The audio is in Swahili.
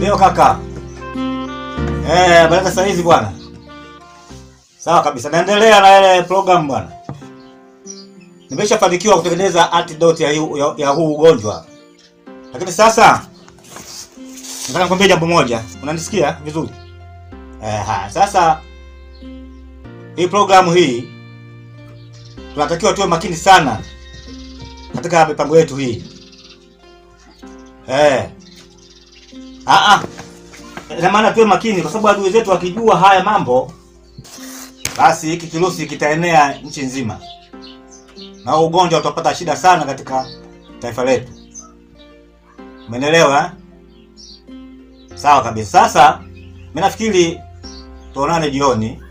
Ndio kaka. Eh, baraka saa hizi bwana. Sawa kabisa. Naendelea na ile program bwana. Nimeshafanikiwa kutengeneza antidote ya, ya, ya huu ugonjwa. Lakini sasa nataka nikwambie jambo moja. Unanisikia vizuri? Eh, sasa hii programu hii tunatakiwa tuwe makini sana katika mipango yetu hii. Eh, Ah ah. Maana tuwe makini kwa sababu adui zetu wakijua haya mambo basi hiki kirusi kitaenea nchi nzima. Na ugonjwa utapata shida sana katika taifa letu. Umeelewa? Eh? Sawa kabisa. Sasa mimi nafikiri tuonane jioni.